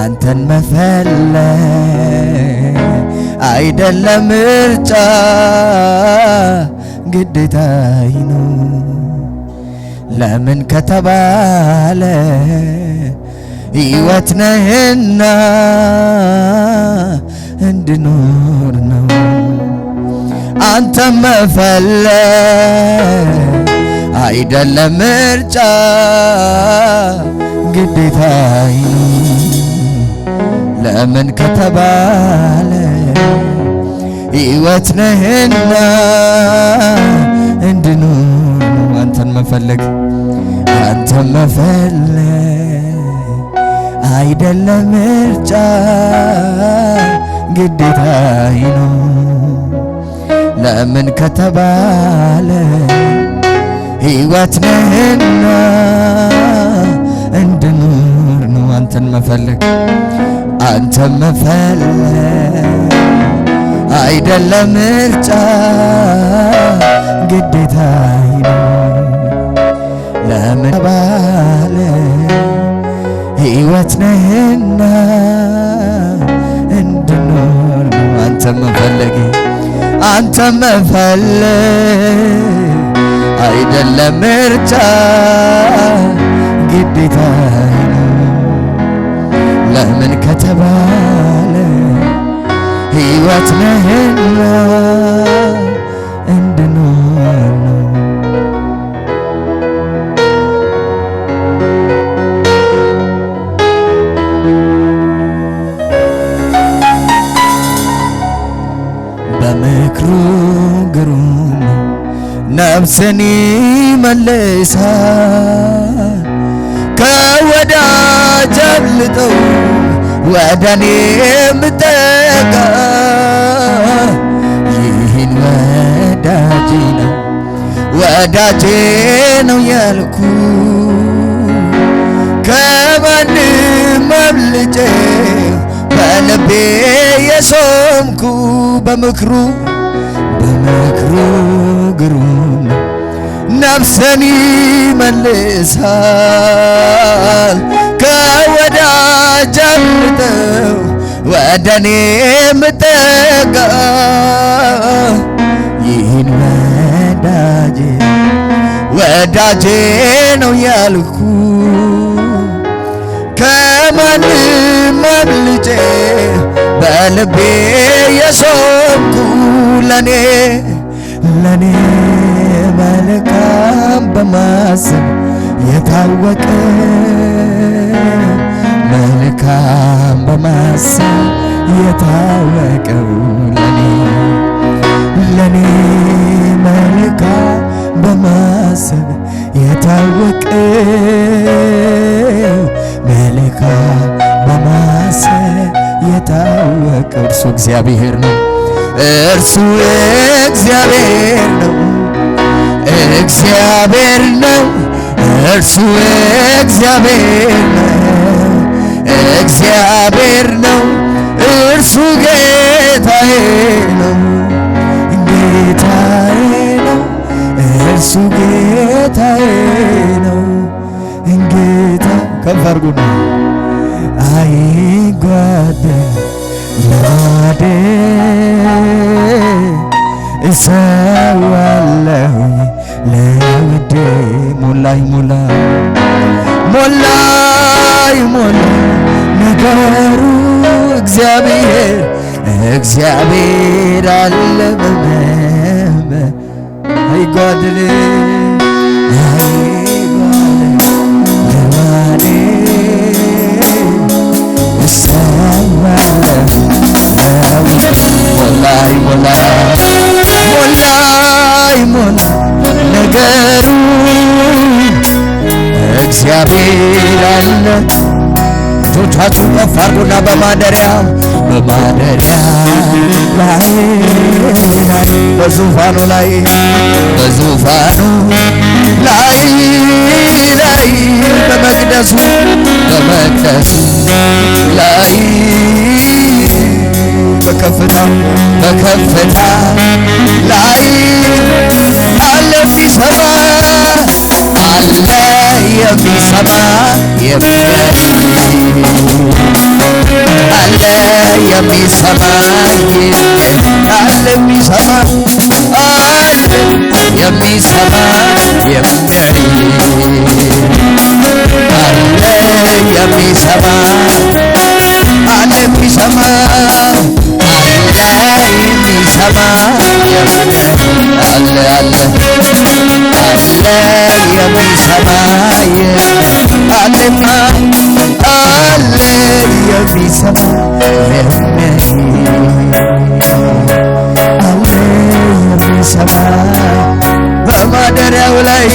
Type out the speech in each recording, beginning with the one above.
አንተን መፈለግ አይደለም ምርጫ ግዴታይ ነው። ለምን ከተባለ ሕይወት ነህና እንድኖር ነው። አንተን መፈለግ አይደለም ምርጫ ግዴታይ ለምን ከተባለ ሕይወት ነህና እንድኑር አንተን መፈለግ አንተን መፈለግ አይደለም ምርጫ ግዴታዬ ነው። ለምን ከተባለ ሕይወት ነህና እንድኑር ነው አንተን መፈለግ አንተ መፈለግ አይደለም ምርጫ ግዴታ ለምን ባለ ሕይወት ነህና እንድኖር አንተ መፈለግ አንተ መፈለግ አይደለም ምርጫ ግዴታ ለምን ከተባለ ሕይወት ነህና እንድኖር በምክሩ ግሩም ነፍስን ይመልሳል ከወዳ ገልጠው ወደ እኔ የምጠጋ ይህን ወዳጄ ነው ወዳጄ ነው ያልኩ ከማንም አብልጬ በልቤ የሶምኩ በምክሩ በምክሩ ግሩም ነፍሰን ይመልሳል ደጅ አምርተው ወደ እኔ ምጠጋ ይህን ወዳጄ ወዳጄ ነው ያልኩ ከማንም አምልጬ በልቤ የሰብኩ ለኔ ለኔ መልካም በማሰብ የታወቀ መልካም በማሰብ የታወቀው ለኔ ለኔ መልካም በማሰብ የታወቀ መልካም በማሰብ የታወቀው እርሱ እግዚአብሔር ነው። እርሱ እግዚአብሔር ነው። እግዚአብሔር ነው። እርሱ እግዚአብሔር ነው። እግዚአብሔር ነው እርሱ ጌታዬ ነው ጌታዬ ነው እርሱ ጌታዬ ነው እንጌታ ከፍ እግዚአብሔር አለ አይጓድል ነገሩ እግዚአብሔር አለ እጆቻችሁ ከፍ አድርጉና በማደሪያ በማደሪያ ላይ በዙፋኑ ላይ በዙፋኑ ላይ ላይ በመቅደሱ በመቅደሱ ላይ በከፍታ በከፍታ ላይ አለ የሚሰማ አለ የሚሰማ የሚያይ አለ የሚሰማኝ አለ የሚሰማ አለ የሚሰማ የሚያይ አለ የሚሰማ አለ የሚሰማ አለ የሚሰማ አለ አለ አለ የሚሰማ አለማ የሚሰማ በማደሪያው ላይ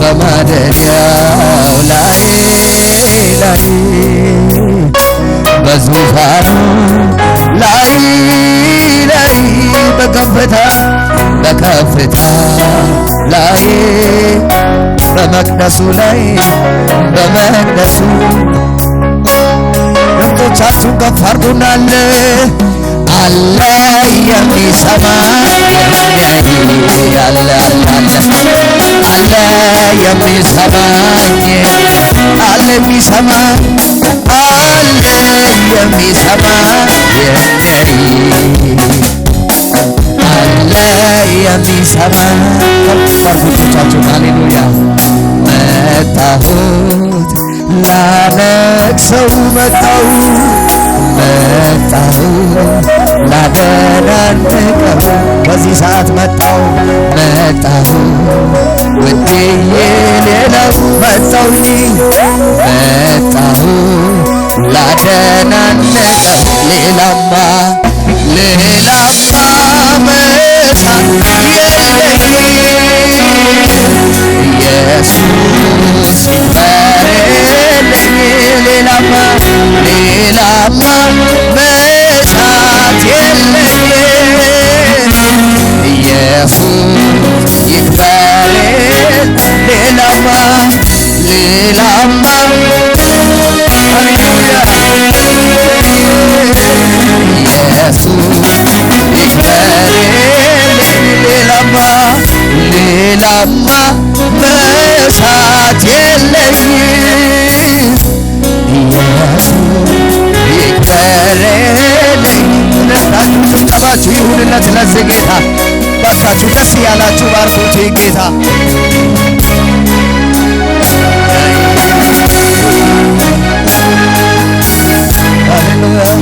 በማደሪያው ላይ ላይ በዙፋኑ ላይ ላይ በከፍታ በከፍታ ላይ በመቅደሱ ላይ በመቅደሱ እጃችሁን ከፍ አድርጉና አለ አለ የሚሰማ አለ አለ የሚሰማኝ አለ የሚሰማ አለ የሚሰማ አለ የሚሰማ ሰው መጣው መጣው ላደራንቀው በዚህ ሰዓት መጣው መጣው ውዴ የሌለው መጣውልኝ መጣው ላደናነቀው ሌላማ ሌላማ ሌላማ ሌላማ መጣት የለኝም ኢየሱስ ይክበር ሌላማ ሌላማ ኢየሱስ ይክበር ሌላማ ሌላማ ስለዚህ ጌታ ለብሳችሁ ደስ እያላችሁ ባርኩት ጌታ Hallelujah.